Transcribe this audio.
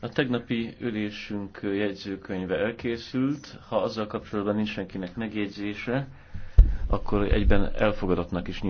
A tegnapi ülésünk jegyzőkönyve elkészült. Ha azzal kapcsolatban nincs senkinek megjegyzése, akkor egyben elfogadottnak is nyilván.